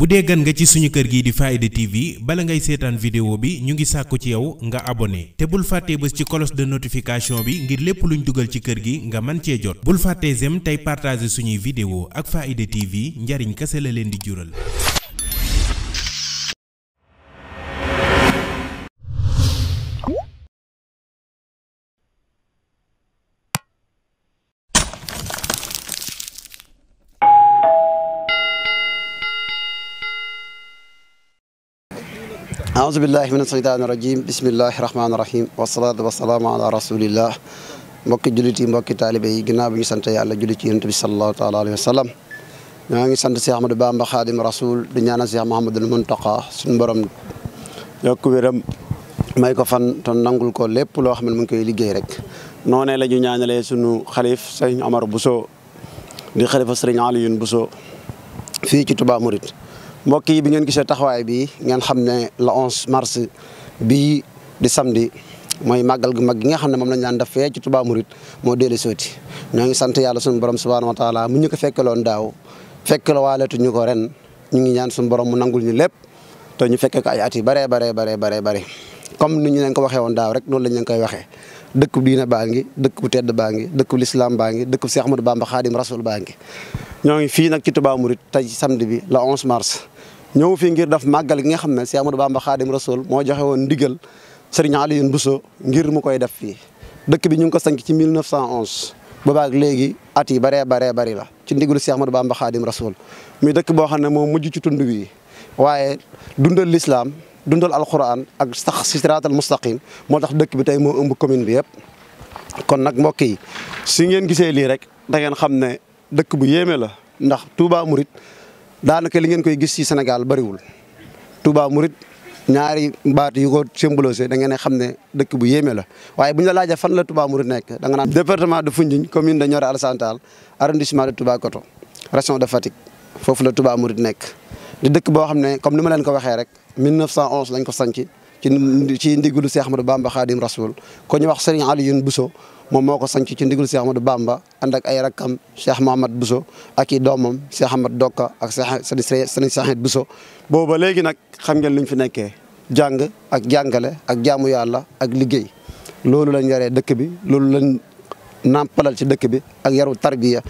bu dee gan nga ci suñu kër gii di Faaida TV bala ngay seetaan vidéo bi ñu ngi sàkku ci yow nga abonné te bul fàtte bés ci cloche de notification bi ngir lépp luñ dugal ci kër gi nga mën cee jot bul fàtte zem tey partager suñuy vidéo ak Faaida TV njariñ kase la leen di jural ahousubillahi min asheytaani rajim bismillahi rahmaani rahim wasalaatu wasalaamu ala rasulillah mbokki jullit yi mbokki taalibe yi ginnaaw bi ñu sant yàlla julli ci yonent bi salallahu taala alayhi wa sallam ñoo ngi sant Cheikh Ahmadou Bamba Khadim Rasoul di ñaanal Cheikh Mouhamadul Muntaqa suñu borom yokku wéram may ko fan te nangul ko lépp loo xam ne mu ngi koy liggéey rek noonee la ñu ñaanalee sunu xalif sëriñ Omar Bousso di xalifa sëriñ Alioune Bousso fii ci Touba Mouride mbokk yi bi ngeen ki gisee taxawaay bi ngeen xam ne le 11 mars bi di samedi mooy màggal gu mag gi nga xam ne moom lañ daan def fee ci Touba Mouride moo dellu sooti ñoo ngi sant yàlla suñu borom subhaanahu wa taala mu ñu ko fekkeloon daaw fekkelo waaletu ñu ko ren ñu ngi ñaan suñu borom mu nangul ñu lépp te ñu fekke ko ay at yi baree baree baree baree bare comme ni ñu leen ko waxee woon daaw rek noonu lañ leen koy waxee dëkk bu diina baa ngi dëkk bu tedd baa ngi dëkk bu lislaam baa ngi dëkk bu Seex Ahmadu Bamba Xaadim Rasul baa ngi ñoo ngi fii nag ci Touba Mouride tey samedi bi le 11 mars ñëw fi ngir def màggal gi nga xam ne Cheikh Amadou Bamba Khadim Rasoul moo joxe woon ndigal Serigne Alioune Bousso ngir mu koy def fii dëkk bi ñu ngi ko sanc ci 1911 boobaak léegi at yi baree baree bari la ci ndigalu Cheikh Amadou Bamba Khadim Rasoul muy dëkk boo xam ne moo mujj ci tund wi waaye dundal lislaam dundal alquran ak sax si siraatal mustaqim moo tax dëkk bi tey moo ëmb commune bi yëpp kon nag mbokk yi si ngeen gisee lii rek da ngeen xam ne dëkk bu yéeme la ndax Touba Mouride daanaka li ngeen koy gis ci Sénégal bariwul tubaa Murit ñaari baat yu ko symbolisé da ngeen ne xam ne dëkk bu yéeme la waaye bu ñu la laajee fan la tubaa Murit nekk da nga naan département de Foundiougne commune de ñor Alassane Tall arrondissement de Touba Koto région de Fatick foofu la Touba Murit nekk di dëkk boo xam ne comme ni ma leen ko waxee rek 1911 lañ ko sanc ci ci ndigalu Cheikh Ahmadou Bamba Khadim Rasoul ko ñu wax Serigne Alioune Bousso moom moo ko sanc ci ndigal Cheikh Ahmadou Bamba ànd ak ay rakkam Cheikh Mohamad Bousso ak i doomam Cheikh Ahmad Dokka ak Cheikh Sëriñ Cheikh Bousso boobu ba léegi nag xam ngeen lu fi nekkee jàng ak jàngale ak jaamu yàlla ak liggéey loolu lañ yaree dëkk bi loolu lañ nàmpalal ci dëkk bi ak yaru tarbiya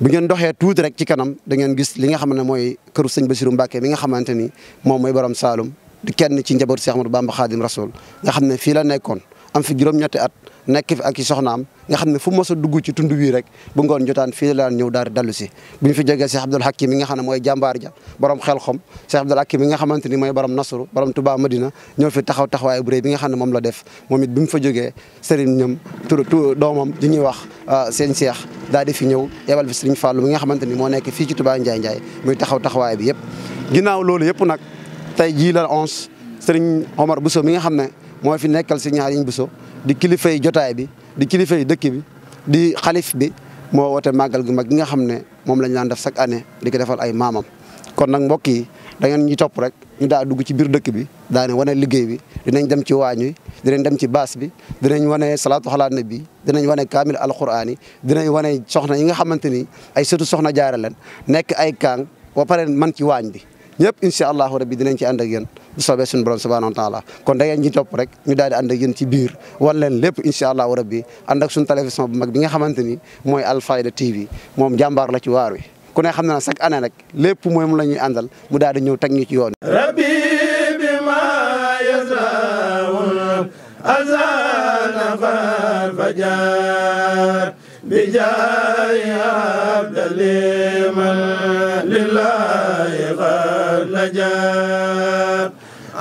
bu ngeen doxee tuuti rek ci kanam da ngeen gis li nga xam ne mooy këru sëñ Bassirou Mbacke mi nga xamante ni moom mooy borom Saalum di kenn ci njaboot Cheikh Ahmadou Bamba Khadim Rasoul nga xam ne fii la nekkoon am fi juróom-ñetti at nekk fi ak soxnaam nga xam fu mos a dugg ci tund wii rek bu ngoon jotaan fii la daan daal di dellu si fi jógee Cheikh Abdoul Hakim mooy jàmbaar ja borom xel xom Cheikh Abdoul Hakim mooy borom nasru borom Touba Madina ñoo fi taxaw taxawaay bi nga la def bi mu fa jógee ah, ni moo nekk fii ci Touba Ndiaye Ndiaye muy taxaw taxawaay bi yëpp ginnaaw loolu yëpp nag tey jii la 11 sëriñ Omar Bousso mi nga xam ne moo fi nekkal si ñaar yiñ Bousso di kilifa yi jotaay bi di kilifa yi dëkk bi di xalif bi moo woote màggal gu mag gi nga xam ne moom lañ daan def chaque année di ko defal ay maamam. kon nag mbokk yi da ngeen ñu topp rek ñu daa dugg ci biir dëkk bi daa ne wane liggéey bi dinañ dem ci waañ wi dinañ dem ci baas bi dinañ wane salaatu xalaat na bi dinañ wane kaamil alquraan yi dinañ wane soxna yi nga xamante ni ay sëtu soxna jaare leen nekk ay kaang ba pare man ci waañ bi ñëpp incha allahu rabbi dinañ ci ànd ak yéen bu soobee suñu borom subhanahu wa taala kon da ngeen ñi rek ñu daal di ànd ak yéen ci biir wan leen lépp incha allahu rabbi ànd ak suñu télévision bu mag bi nga xamante ni mooy Alfayda TV moom jàmbaar la ci waar wi ku xam na chaque année lépp mooy mu la ñuy àndal mu daal di ñëw teg ñu ci yoon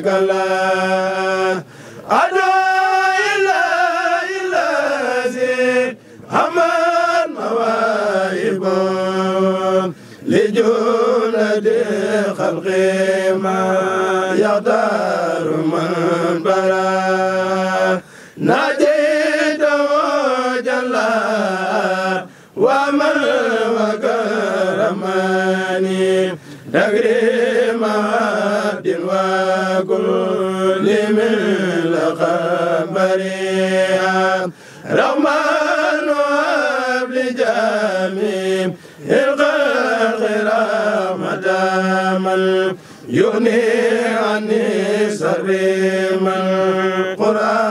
شريك له أدعو إلى إلى زيد أمان مواهب لجولد خلقي ما يختار من برا نجد وجلا ومن وكرمني تجري كل من لقى بريئا رحمن وهب لجميع الخلق رحمة من يغني عني سر من قرآن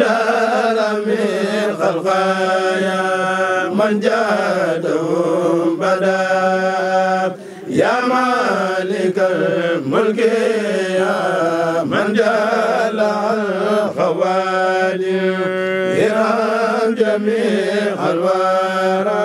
دار من خلقايا من جادهم بدا يا مالك الملك يا من جل الخوالي إرام جميع الورى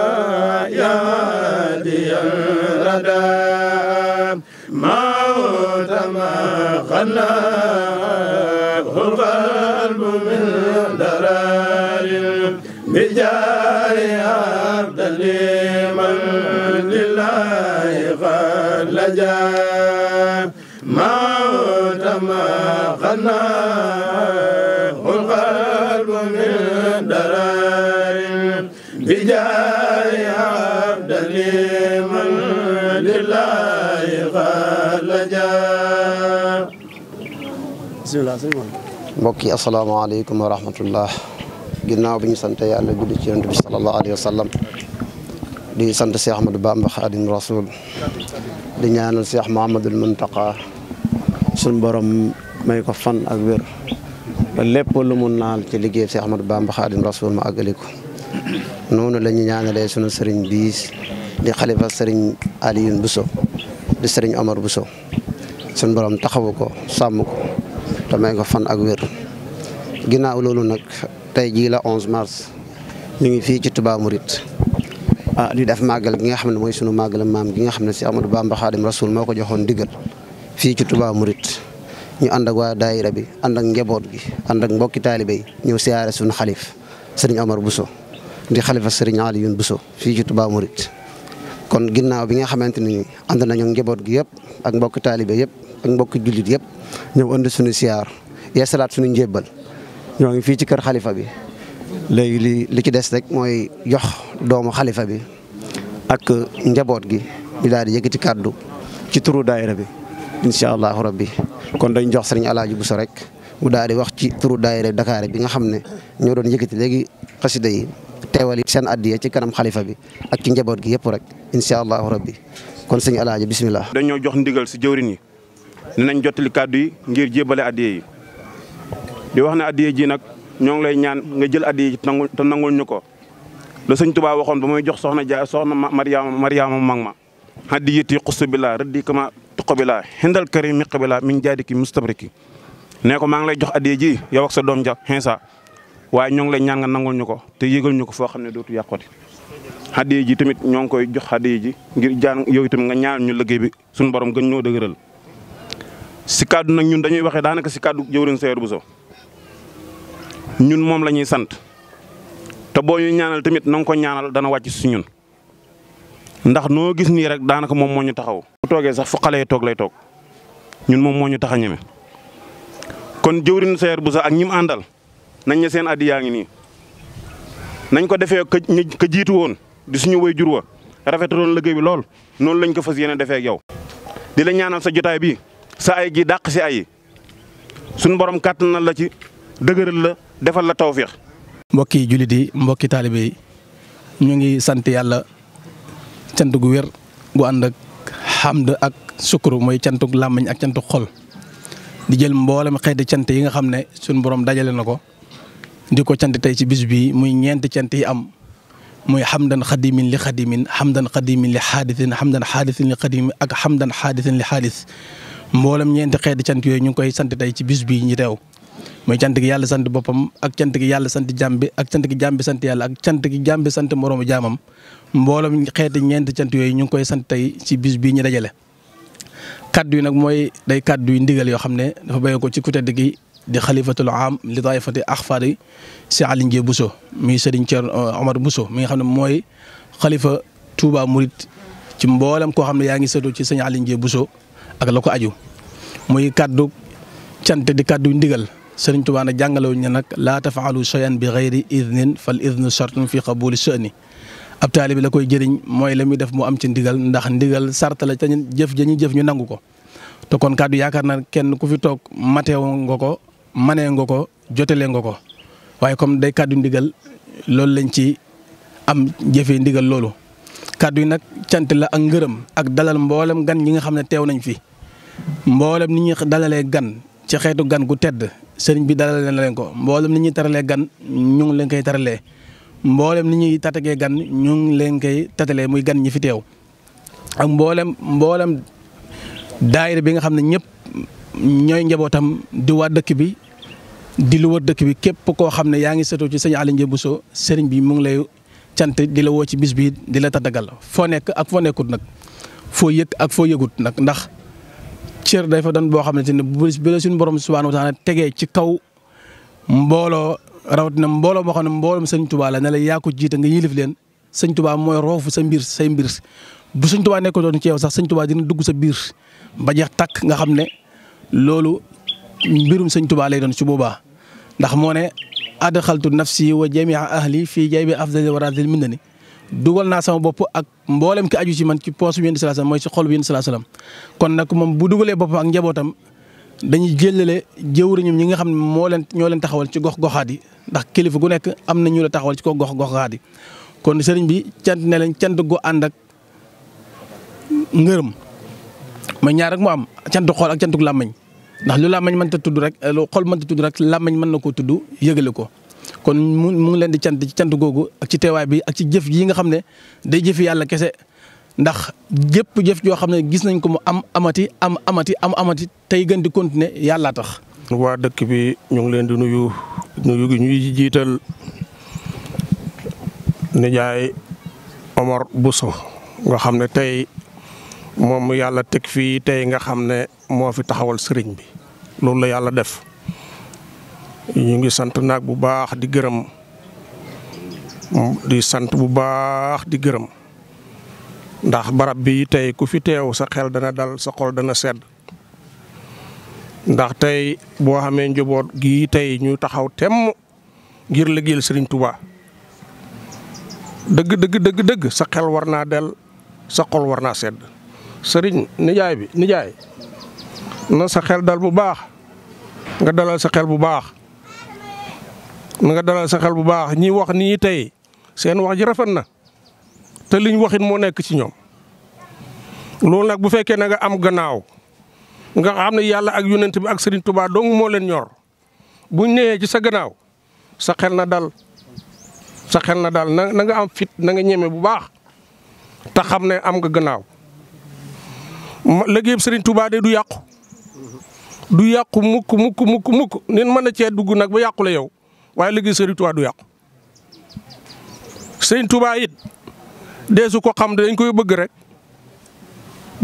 mbokk yi asalaamaaleykum wa rahmatullah ginnaaw bi ñu sant yàlla julli ci yonent bi sallallahu alayhi wa sallam di sant Cheikh Ahmadou Bamba Khadim Rasoul di ñaanal Cheikh Mouhamadoul Mountakha suñu borom may ko fan ak wér ba lu mu naal ci liggéey Cheikh Ahmadou Bamba Khadim Rasoul ma àggale ko noonu la ñu ñaanalee sunu sëriñ biis di xalifa sëriñ Alioune buso di sëriñ Omar Bousso suñu borom taxawu ko sàmm ko te may ko fan ak wér nag tey jii la 11 mars ñu ngi fii ci Touba Mouride ah di def màggal gi nga xam ne mooy sunu màggalam maam gi nga xam ne si Amadou Bamba Xaadim Rasul moo ko joxoon ndigal fii ci Touba Mouride ñu ànd ak waa daayira bi ànd ak njaboot gi ànd ak mbokki taalibe yi ñëw siyaare sunu xalif sëriñ Omar Bousso di xalifa sëriñ Alioune Bousso fii ci Touba Mouride. kon ginnaaw bi nga xamante ni ànd nañu njaboot gi yëpp ak mbokki taalibe yëpp ak mbokki jullit yëpp ñëw ënd suñu siyaar yeesalaat suñu njébbal ñoo ngi fii ci kër xalifa bi léegi li li ci des rek mooy jox doomu xalifa bi ak njaboot gi ñu daal di yëkkati kàddu ci turu daayira bi incha allahu rabbi kon dañ jox sëriñ Alaaji Buso rek mu daal di wax ci turu daayira Dakar bi nga xam ne ñoo doon yëkkati léegi xasida yi teewal seen addiya ci kanam xalifa bi ak ci njaboot gi yëpp rek incha allahu rabbi kon sëñ Alaaji bismillah dañoo jox ndigal si jëwrin yi nañ jottali kàddu yi ngir jébale addiya yi di wax ne addiya ji nag ñoo ngi lay ñaan nga jël addiya ji te nangul ñu ko la sëñ Tuubaa waxoon ba mooy jox soxna ja soxna Mariama Mariama mag ma hadiyati xusu bi laa rëddi kama tuqo bi laa xindal kër yi miq bi laa mi ngi jaadi ki mustabriki nee ko maa ngi lay jox addiya ji yow ak sa doom ja xinsa waaye ñoo ngi lay ñaan nga nangul ñu ko te yëgal ñu ko foo xam ne dootu yàqooti addiya ji tamit ñoo ngi koy jox addiya ji ngir jaan yow tamit nga ñaan ñu liggéey bi suñu borom gën ñoo dëgëral si kaddu ñun dañuy waxee daanaka si kaddu jëwriñ Seydou Bousso ñun moom la ñuy sant te boo ñu ñaanal tamit na ko ñaanal dana wàcc si ñun ndax noo gis nii rek daanaka moom moo ñu taxaw. bu toogee sax fu toog lay toog ñun moom moo ñu tax a ñeme kon jëwriñ seer bu sax ak ñim mu àndal nañ ne seen addi yaa ngi nii nañ ko defee ka ka jiitu woon di suñu way jur wa rafetaloon liggéey bi lool noonu lañ ko fas a defee ak yow. di la ñaanal sa jotaay bi sa ay gi dàq si ay suñu borom kàttan na la ci dëgëral la. defal la tawféex. mbokki jullit yi mbokki taalibe yi ñu ngi sant yàlla cant gu wér gu ànd ak xamd ak sukuru mooy cantuk làmmiñ ak cantuk xol di jël mboolem xeeti cant yi nga xam ne sunu borom dajale na ko di ko cant tey ci bis bii muy ñeenti cant yi am muy xamdan xadimin li xadimin xamdan xadimin li xaadisin xamdan xaadisin li xadimin ak xamdan xaadisin li xaalis mboolem ñeenti xeeti cant yooyu ñu ngi koy sant tey ci bis bi ñu teew mooy cant gi yàlla sant boppam ak cant ki yàlla sant jàmm bi ak cant gi jàmm sant yàlla ak cant gi jàmm sant moroomu jaamam mbooloom xeeti ñeenti cant yooyu ñu ngi koy sant tey ci bis bii ñu dajale. kaddu yi nag mooy day kàddu yu ndigal yoo xam ne dafa béyee ko ci ku tedd gi di xalifatul am li taifati axfari si Aliou Ndié Bousso muy Serigne Thierno euh, Omar Bousso mi nga xam ne mooy xalifa Touba Mouride ci mboolem koo xam ne yaa ngi seetlu ci sëñ Aliou Ndié Bousso ak la ko aju muy kaddu cant ndigal. sëriñ Tuubaa nag jàngalewuñ ne nag laa tafaalu shay'an bi ghayri idnin fal idnu shartun fi qabuli sha'ni ab taalibi la koy jëriñ mooy la muy def mu am ci ndigal ndax ndigal sart la te jëf ja ñu jëf ñu nangu ko te kon kaddu yaakaar na kenn ku fi toog mateewu nga ko manee nga ko jotelee nga ko waaye comme day kaddu ndigal loolu lañ ci am jëfee ndigal loolu kàddu yi nag cant la ak ngërëm ak dalal mboolem gan ñi nga xam ne teew nañ fi mboolem ni ñuy dalalee gan ci xeetu gan gu tedd sëriñ bi dalal leen leen ko mboolem ni ñuy taralee gan ñu ngi leen koy taralee mboolem ni ñuy tatagee gan ñu ngi leen kay tatalee muy gan ñi fi teew ak mboolem mboolem daayira bi nga xam ne ñëpp ñooy njabootam di waa dëkk bi di lu wër dëkk bi képp koo xam ne yaa ngi sëtu ci sëñ Aliou Ndiaye Bousso sëriñ bi mu ngi lay cant di la woo ci bis bi di la tatagal foo nekk ak foo nekkut nag foo yëg ak foo yëgut nag ndax. cër day fa doon boo xamante ne bu bi la suñu borom subhaanahu wa taala tegee ci kaw mbooloo rawatina mbooloo boo xam ne mbooloom sëñ Tuubaa la ne la yaako ko jiite nga yilif leen sëñ Tuubaa mooy roofu sa mbir say mbir bu sëñ Tuubaa nekkoon doon ci yow sax sëñ Tuubaa dina dugg sa biir ba jeex takk nga xam ne loolu mbirum sëñ Tuubaa lay doon ci boobaa ndax moo ne adxaltu nafsi wa jamia ahli fii jaybi afdali warazil minna ni dugal naa sama bopp ak mboolem ki aju ci man ci poos bi yéen salaa mooy ci xol bi yéen salaa kon nag moom bu dugalee boppam ak njabootam dañuy jëlale jëwriñum ñi nga xam ne moo leen ñoo leen taxawal ci gox goxaat yi ndax kilifa gu nekk am na ñu la taxawal ci ko gox goxaat yi kon sëriñ bi cant ne leen cant gu ànd ak ngërëm ma ñaar rek mu am cantu xol ak cantu làmmañ ndax lu làmmañ mën ta tudd rek lu xol mën tudd rek làmmañ mën na koo tudd yëgale ko kon mu ngi leen di cant ci cant googu ak ci teewaay bi ak ci jëf yi nga xam ne day jëfi yàlla kese ndax jëpp jëf joo xam ne gis nañ ko mu am amati am amati am amati tey gën di continuer yàllaa tax. waa dëkk bi ñu ngi leen di nuyu nuyu gi ñuy jiital nijaay bu Bousso nga xam ne tey moom yàlla teg fii tey nga xam ne moo fi taxawal sëriñ bi loolu la yàlla def. ñu ngi sant naag bu baax di gërëm di sant bu baax di gërëm ndax barab bi tey ku fi teew sa xel dana dal sa xol dana sedd ndax tey boo xamee njaboot gii tey ñu taxaw temm ngir liggéeyal Serigne Touba dëgg dëgg dëgg sa xel war naa del sa xol war naa sedd sëriñ nijaay bi nijaay na sa xel dal bu baax nga dalal sa xel bu baax. na nga dalal sa xel bu baax ñi wax nii tey seen wax ji rafet na te liñ waxin moo nekk ci ñoom loolu nag bu fekkee na nga am gannaaw nga xam ne yàlla ak yonent bi ak sëriñ Touba dong moo leen ñor buñ newee ci sa gannaaw sa xel na dal sa xel na dal na nga am fit na nga ñeme bu baax te xam ne am nga gannaaw liggéeyub sëriñ Touba de du yàqu. du yàqu mukk mukk mukk mukk nit mën a cee dugg nag ba yàqule yow waaye liggéey Serigne Touba du yàqu Serigne Touba it deesu ko xam dañ koy bëgg rek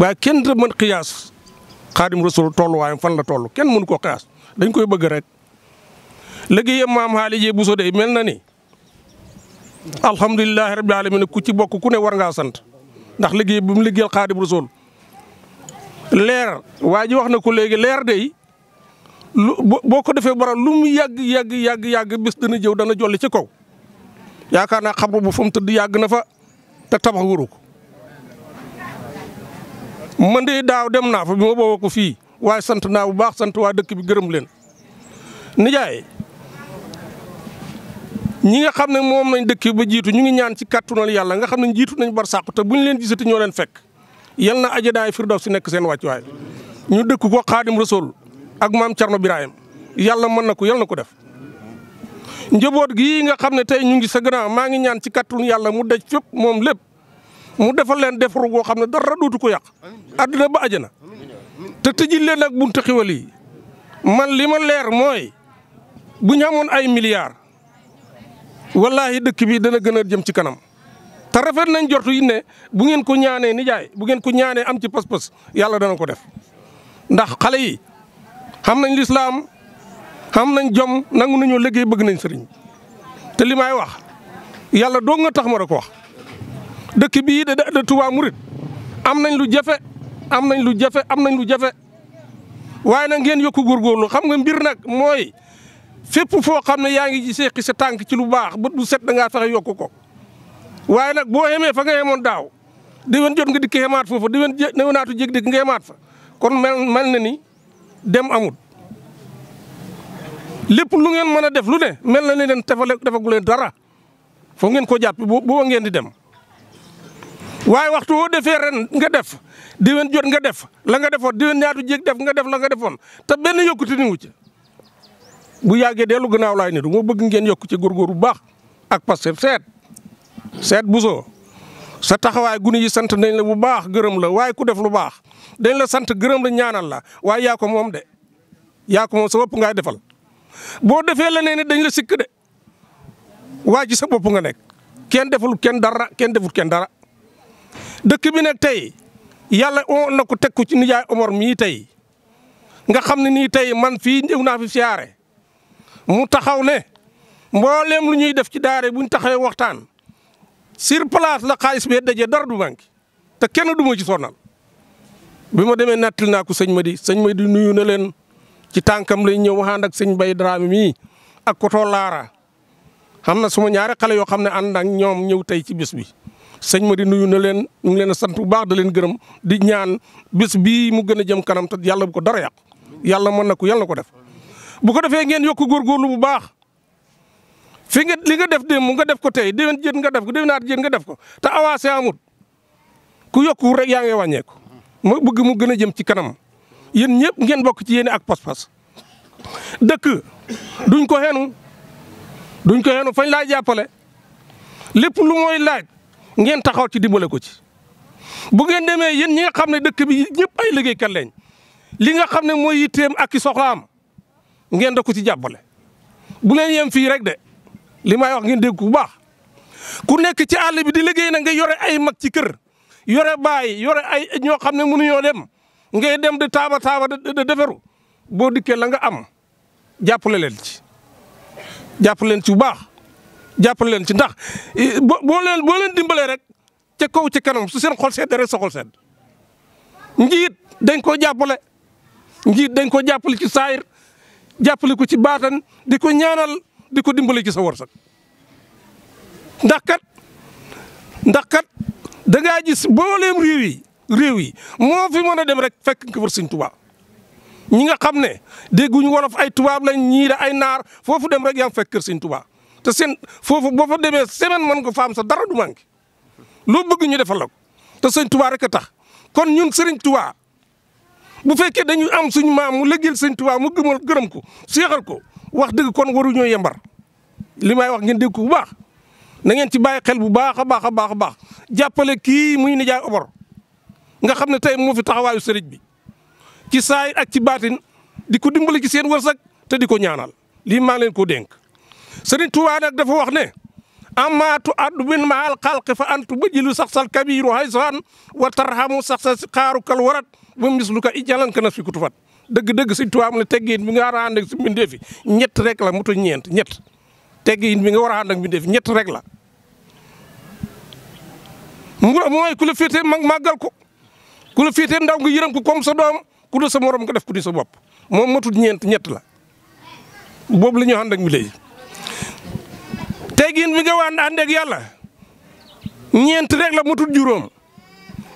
waaye kenn mën xiyaas xaadim rasul tolluwaayam fan la toll kenn mënu ko xiyaas dañ koy bëgg rek liggéeyam maam Xaali Buso dey mel na ni alhamdulilahi rabbil alamin ku ci bokk ku ne war ngaa sant ndax liggéey bi mu liggéeyal xaadim rasul leer waa ji wax na ko léegi leer dey lu boo ko defee bara lu mu yàgg yàgg yàgg yàgg bis dana jëw dana jolli ci kaw yaakaar naa xabru bu fa mu tëdd yàgg na fa te tabax wuru man de daaw dem naa fa bi ma booboo ko fii waaye sant naa bu baax sant waa dëkk bi gërëm leen nijaay ñi nga xam ne moom nañ dëkk ba jiitu ñu ngi ñaan ci kàttunal yàlla nga xam ne jiitu nañ bar sàq te buñ leen gisati ñoo leen fekk yal na ajadaay firdaw si nekk seen wàccuwaay ñu dëkk ko xaadim rasul ak maam Thierno Birahim yàlla mën na ko yàlla na ko def. njaboot gii nga xam ne tey ñu ngi sa gannaaw maa ngi ñaan ci kàttanu yàlla mu daj fépp moom lépp mu defal leen defaru goo xam ne dara dootu ko yàq àdduna ba àjjana te tëjil leen ak buntu xiwal yi man li ma leer mooy bu ñu amoon ay milliards wallahi dëkk bi dana gën a jëm ci kanam. te rafet nañ jortu yi ne bu ngeen ko ñaanee nijaay bu ngeen ko ñaanee am ci pas-pas yàlla dana ko def ndax xale yi. xam nañ lislaam xam nañ jom nangu nañoo liggéey bëgg nañ sëriñ te li may wax yàlla doo nga tax ma rek wax dëkk bii da da Touba am nañ lu jafe am nañ lu jafe am nañ lu jafe waaye nag ngeen yokk góorgóorlu xam nga mbir nag mooy fépp foo xam ne yaa ngi ci seqi sa tànk ci lu baax bët bu set da ngaa fexe yokk ko waaye nag boo xamee fa nga xamoon daaw déwén jot nga dikk xamaat foofa déwén déwénaatu jég dikk nga xamaat fa kon mel mel na ni dem amut lépp lu ngeen mën a def lu ne mel na ni leen tefale defagu leen dara foo ngeen ko jàpp bu bu ngeen di dem. waaye waxtu woo defee ren nga def diwen jot nga def la nga defoon diwen ñaatu jéeg def nga def la nga defoon te benn yokkute ni wu ci bu yàggee dellu gannaaw laay nitu moo bëgg ngeen yokk ci góorgóor bu baax ak Pastef seet seet bu soo sa taxawaay guni yi sant nañ la bu baax gërëm la waaye ku def lu baax dañ la sant gërëm la ñaanal la waaye yaako moom de yaa ko moom sa bopp ngay defal boo defee leneen ne dañ la sikk de waa ji sa bopp nga nekk kenn deful kenn dara kenn deful kenn dara dëkk bi nag tey yàlla on na ko teg ko ci nijaay omor mii tey nga xam ne nii tey man fii ñëw naa fi siyaare mu taxaw ne mbooleem lu ñuy def ci daare buñ taxawee waxtaan sir place la xaalis bee dajee dara du manqué te kenn du ma ci sonal bi ma demee nattil naa ko sëñ Madi sëñ di nuyu na leen ci tànkam lay ñëw ànd ak sëñ Bay Dramé mii ak Koto Laara xam na suma ñaare xale yoo xam ne ànd ak ñoom ñëw tey ci bis bi. sëñ di nuyu na leen ñu ngi leen a sant bu baax da leen gërëm di ñaan bis bii mu gën a jëm kanam te yàlla bu ko dara yàqu yàlla mën na ko yàlla ko def. bu ko defee ngeen yokk góorgóorlu bu baax fi nga li nga def dem nga def ko tey déwén jën nga def ko déwénaat jën nga def ko te avancé amut ku yokku rek yaa wàññeeku. mooy bëgg mu gën a jëm ci kanam yéen ñëpp ngeen bokk ci yéene ak pas-pas dëkk duñ ko xeenu duñ ko xeenu fañ laa jàppale lépp lu mooy laaj ngeen taxaw ci dimbale ko ci. bu ngeen demee yéen ñi nga xam ne dëkk bi ñëpp ay liggéeykat lañ li nga xam ne mooy yitteem ak i soxlaam ngeen da ko ci jàppale bu leen yem fii rek de li may wax ngeen dégg ku baax ku nekk ci àll bi di liggéey na nga yore ay mag ci kër. yore baay yore ay ñoo xam ne mënuñoo dem ngay dem di taaba taaba da deferu boo dikkee la nga am jàppale leen ci jàppale leen ci bu baax jàppale leen ci ndax boo boo leen boo leen dimbalee rek ca kaw ci kanam su seen xol sedd rek sa xol sedd njiit dañ koo jàppale njiit dañ koo jàppale ci saayir jàppale ko ci baatan di ko ñaanal di ko dimbale ci sa wërsëg ndax kat ndax kat da ngaa gis booleem réew yi réew yi moo fi mën a dem rek fekk nga fa sëñ Tuubaa ñi nga xam ne dégguñu wolof ay tubaab lañ ñii da ay naar foofu dem rek yaa ngi fekk kër sëñ Tuubaa te seen foofu boo fa demee semaine mën nga fa sa dara du manqué loo bëgg ñu defal la ko te sëñ Tuubaa rek tax kon ñun sëriñ Tuubaa bu fekkee dañu am suñu maam mu lëggeel sëñ Tuubaa mu gëmal gërëm ko seexal ko wax dëgg kon waruñoo yembar li may wax ngeen dégg ko bu baax na ngeen ci bàyyi xel bu baax a baax a baax a baax jàppale kii muy nijaay obor nga xam ne tey moo fi taxawaayu sëriñ bi ci saay ak ci baatin di ko dimbali ci seen sag te di ko ñaanal lii maa leen ko dénk. sëriñ Tuubaa nag dafa wax ne amaatu addu min ma al xalqi fa antu bëjilu sax sal kabiru haysaan wa tarhamu sax sa kaaru kal warat ba misluka ijalan kana fi kutufat dëgg-dëgg sëriñ Tuubaa mu ne teggeen bi nga war a ànd ak si mbindee fi ñett rek la moto ñeent ñett. teggin bi nga war a ànd ak mbindeef ñett rek la. mu mooy ku la féetee mag màggal ko ku la féetee ndaw nga yërëm ko comme sa doom ku sa morom nga def ku di sa bopp moom matul ñeent ñett la boobu la ñuy ànd ak mbindeef teggin bi nga war a ànd yàlla ñeent rek la matul juróom.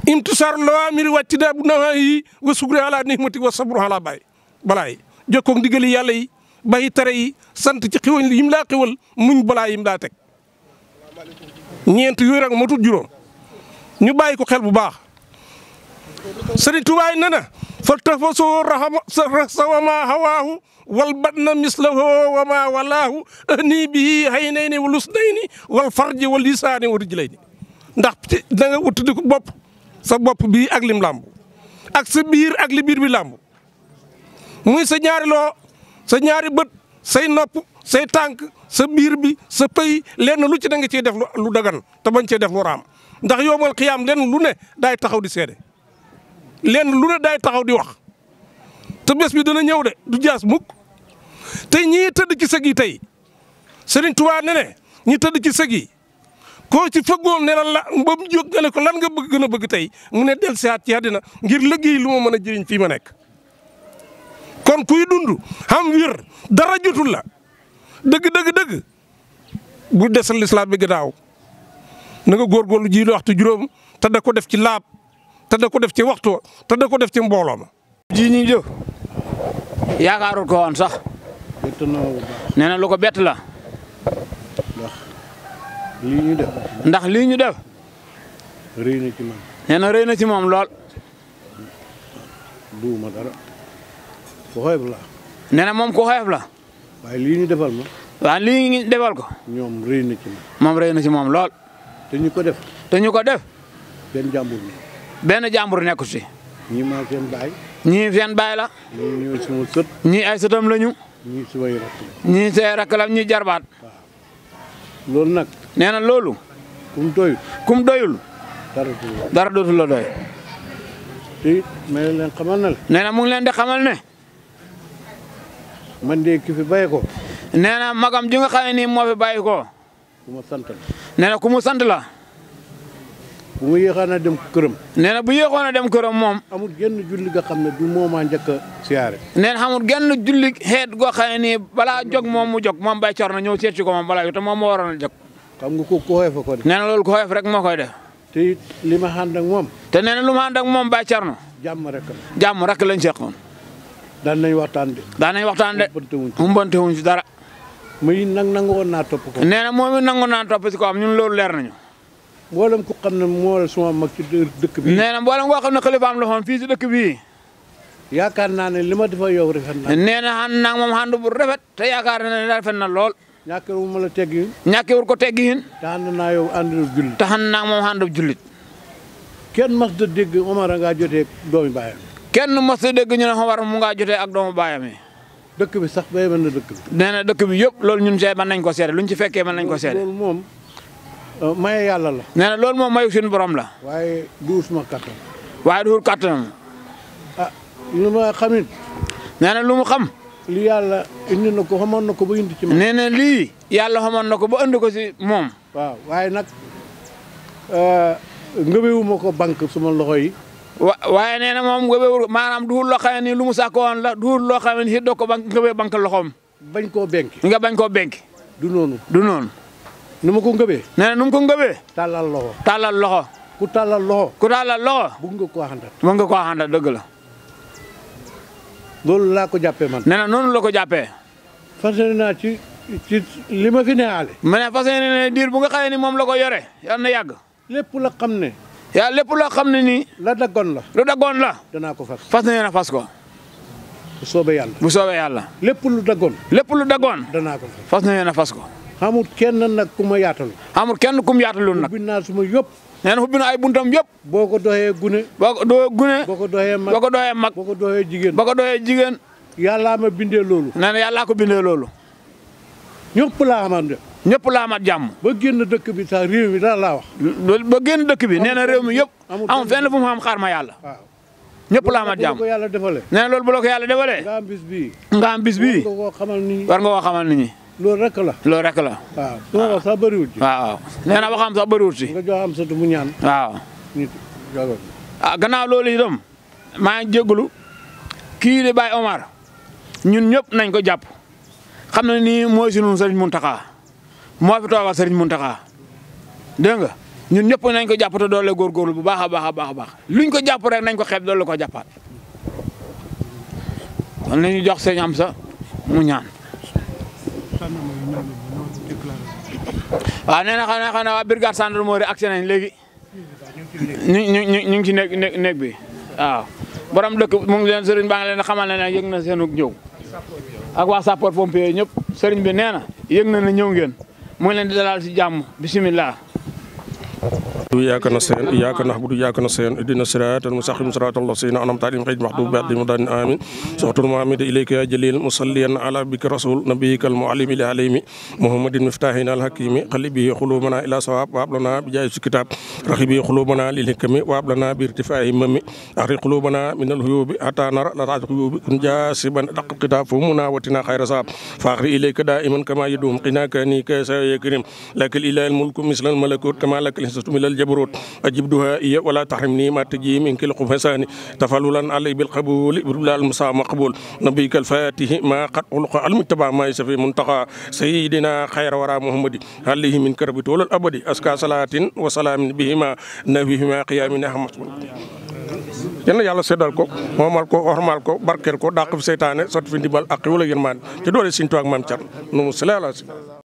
imtisaaru lawaamiri wàcc naa bu nawaahi wa sugri ala nihmati wa sabru ala baay balaay jokkoog ndigali yàlla yi bàyyi tere yi sant ci xiwal yim laa xiwal muñ balaa yim laa teg ñeent yooyu rek moo juróom ñu bàyyi ko xel bu baax sëriñ tubaay ne na fa tafasoo sawama hawaahu wal batna mislahoo wa ma walaahu nii bii xëy nay ni wal farji wal lisaani wa rijlay ndax da nga wut ko bopp sa bopp bii ak lim làmb biir ak biir bi làmb muy sa ñaari loo sa ñaari bët say nopp say tànk sa biir bi sa pëy lenn lu ci da nga ciy def lu dagan te bañ cee def lu raam ndax yowmal xiyaam lenn lu ne daay taxaw di seede lenn lu ne daay taxaw di wax te bés bi dana ñëw de du jaas mukk te ñii tëdd ci sëg yi tey Sëriñ Tuubaa ne ne ñi tëdd ci sëg yi koo ci fëggoon ne la la ba mu jóg nga ne ko lan nga bëgg gën a bëgg tey mu ne dellusiwaat ci àddina ngir liggéey lu ma mën a jëriñ fii ma nekk. kon kuy dund am wir dara jotul la dëgg dëgg dëgg bu desal lislaam bi gannaaw na nga góorgóorlu ji waxtu juróom te da ko def ci laab te da ko def ci waxtu te da ko def ci mbooloo ma. ji ñuy jëf yaakaarul ko woon sax. nee na lu ko bett la. ndax lii ñu def. ndax lii ci moom. nee na rëy na ci moom lool. duuma dara. ku xoyof la. nee na moom ko xoyof la. waaye lii ñu defal ma. waaw lii defal ko. ñoom moom. moom na ci moom lool. te ñu ko def. te ñu ko def. benn jàmbur nekk. benn jàmbur nekku si. ñii maa seen baay. ñii seen la. ñii ñooy sama sët. ñii ay sëtam lañu. ñii sumay rakk la. ñii say rakk jarbaat. waaw loolu nag. nee na loolu. kum doyul. kum doyul. dara dootul doy. may leen xamal ne la. nee na leen di xamal ne. man de ki fi bàyyi ko. nee na magam ji nga xam ne nii moo fi bàyyi ko. ku mu sant nee na ku mu sant la. bu mu yéexoon dem këram. nee na bu yéexoon a dem këram moom. amul genn julli nga xam ne du moomaa njëkk a siyaare. nee na amul genn julli xeet goo xam ne nii balaa jog moom mu jog moom Baye Thierno ñëw seet si ko moom balaa yow te moom moo waroon jog. xam nga ko ko xeefa ko def. nee na loolu ko xeef rek moo koy def. te it li ma ànd ak moom. te nee na lu ma ànd ak moom Baye Thierno. jàmm rek la. jàmm rek lañ seqoon. daan nañ waxtaan de. daan nañ waxtaan de umbante wuñ ci dara. muy nag nangoon naa topp ko. nee na moom it nangoon naa topp ko am ñun loolu leer nañu. mboolem ku xam ne moo suma mag dëkk bi. nee na mboolem koo xam ne xalifaam la fii si dëkk bii. yaakaar naa ne li ma dafa yow rafet na. nee na xam naa moom ànd bu rafet te yaakaar na ne rafet na lool. ñàkkewu ma tegg teggiin. ñàkkewul ko tegg te ànd naa yow àndul jullit. te xam naa moom àndul jullit. kenn mas da dégg Omar a ngaa jotee doomi baayam kenn mos a dégg ñu ne Omar mu ngaa jotee ak doomu baayam yi dëkk bi sax bay mën na dëkk bi. nee na dëkk bi yëpp loolu ñun see mën nañ ko seede luñ ci fekkee mën nañ ko seede. loolu moom euh, maye yàlla la. nee na loolu moom mayu suñu borom la. waaye duur suma kattan. waaye duur kattanam. ah lu ma xamit. nee na lu mu xam. li yàlla indi na ko xamoon na ko ba indi ci moom. nee na lii yàlla xamoon na ko ba indi ko si moom. waaye nag euh, ngëbewuma ko banque suma loxo yi. waaye nee na moom ngëbewul maanaam duhul loo xam ne lu mu sàkk woon la duhul loo xam ne doo ko bank ngëbee bank loxoom bañ koo benk nga bañ koo benk du noonu du noonu nu ma ko ngëbee nee na ko ngëbee tàllal loxo tàllal loxo ku tàllal loxo ku tàllal loxo bëgg nga koo xandat bëgg nga koo xandat dëgg la loolu laa ko jàppee man nee na noonu la ko jàppee fas yéene naa ci ci ma fi ne ma ne fas yéene ne diir bu nga xamee ni moom la ko yore yal na yàgg lépp la xam ne yaa lépp loo xam ne ni la dagon la. lu daggoon la. danaa ko fas fas na yéen fas ko. bu soobee yàlla. bu soobee yàlla. lépp lu daggoon. lépp lu daggoon. danaa ko fas na yéen a fas ko. amul kenn nag ku ma yaatal. amul kenn ku mu yaatalul nag. ubbi naa suma yëpp. nee na ubbi na ay buntam yëpp. boo ko doxee gune. boo ko doxee ko doxee mag boo ko doxee mag. boo jigéen. boo ko jigéen. yàllaa ma bindee loolu. nee na yàllaa ko bindee loolu. ñëpp ñëpp laa amaat jàmm. ba génn dëkk bi sax réew mi dara laa wax. ba génn dëkk bi nee na réew mi yëpp. amul mu am xaar ma yàlla. waaw ñëpp laa amaat jàmm nee na loolu bu yàlla defalee. nga am bis bii. nga am bis bii war nga koo xamal nit ñi war la loolu rek la. waaw su ma wax sax bëriwul ci. waaw na waxam sax bëriwul ci. nga jox am sëtu mu ñaan. waaw. nit ah gannaaw loolu itam maa ngi kii di Baye Omar ñun ñëpp nañ ko jàpp xam na ni mooy sunu sëriñ Mountakha moo fi toogal Serigne Mountakha dégg nga ñun ñëpp nañ ko jàpp te doole góorgóorlu bu baax a baax a baax baax luñ ko jàpp rek nañ ko xeeb doole ko jàppaat kon jox sëñ am sa mu ñaan. waaw nee na xanaa xanaa waa brigade gendarmerie agsi nañ léegi ñu ñu ñu ci néeg bi waaw borom dëkk mu ngi leen sëriñ baa ngi leen xamal ne yëg na seenu ñëw ak waa sapeur pompier ñëpp sëriñ bi nee na yëg na ne ñëw ngeen. moo leen di dalal si jàmm bisimilah. إياك نستعين إياك نعبد إياك نستعين اهدنا الصراط المستقيم صراط الذين أنعمت عليهم غير المغضوب عليهم آمين صلاة محمد إليك يا جليل مصليا على بك رسول نبيك المعلم العليم محمد مفتاحنا الحكيم قلبه قلوبنا إلى صواب وهب لنا بجاي الكتاب رغبه قلوبنا للحكم وهب لنا بارتفاع همم أحرق قلوبنا من الهيوب حتى نرى لرعد الغيوب كن جاسبا دق الكتاب فهمنا واتنا خير صاب فاخر إليك دائما كما يدوم قناك نيك يا كريم لك الإله الملك مثل الملكوت كما لك الحسنة الجبروت أجبدها إيا ولا تحرمني ما تجي منك القفسان تفللا علي بالقبول بلا المسا مقبول نبيك الفاتح ما قد ألقى المتبع ما يسفي منتقى سيدنا خير ورا محمد عليه من كرب طول الأبد أسكى صلاة وسلام بهما نبيهما قيام أحمد yal na yàlla seddal ko moomal ko ormal ko barkeel ko dàq fi seytaane sotti fi ndimbal ak xiwala yërmaan te doole Sëriñ Tuubaa ak Maam Cerno nu mu sëlee la si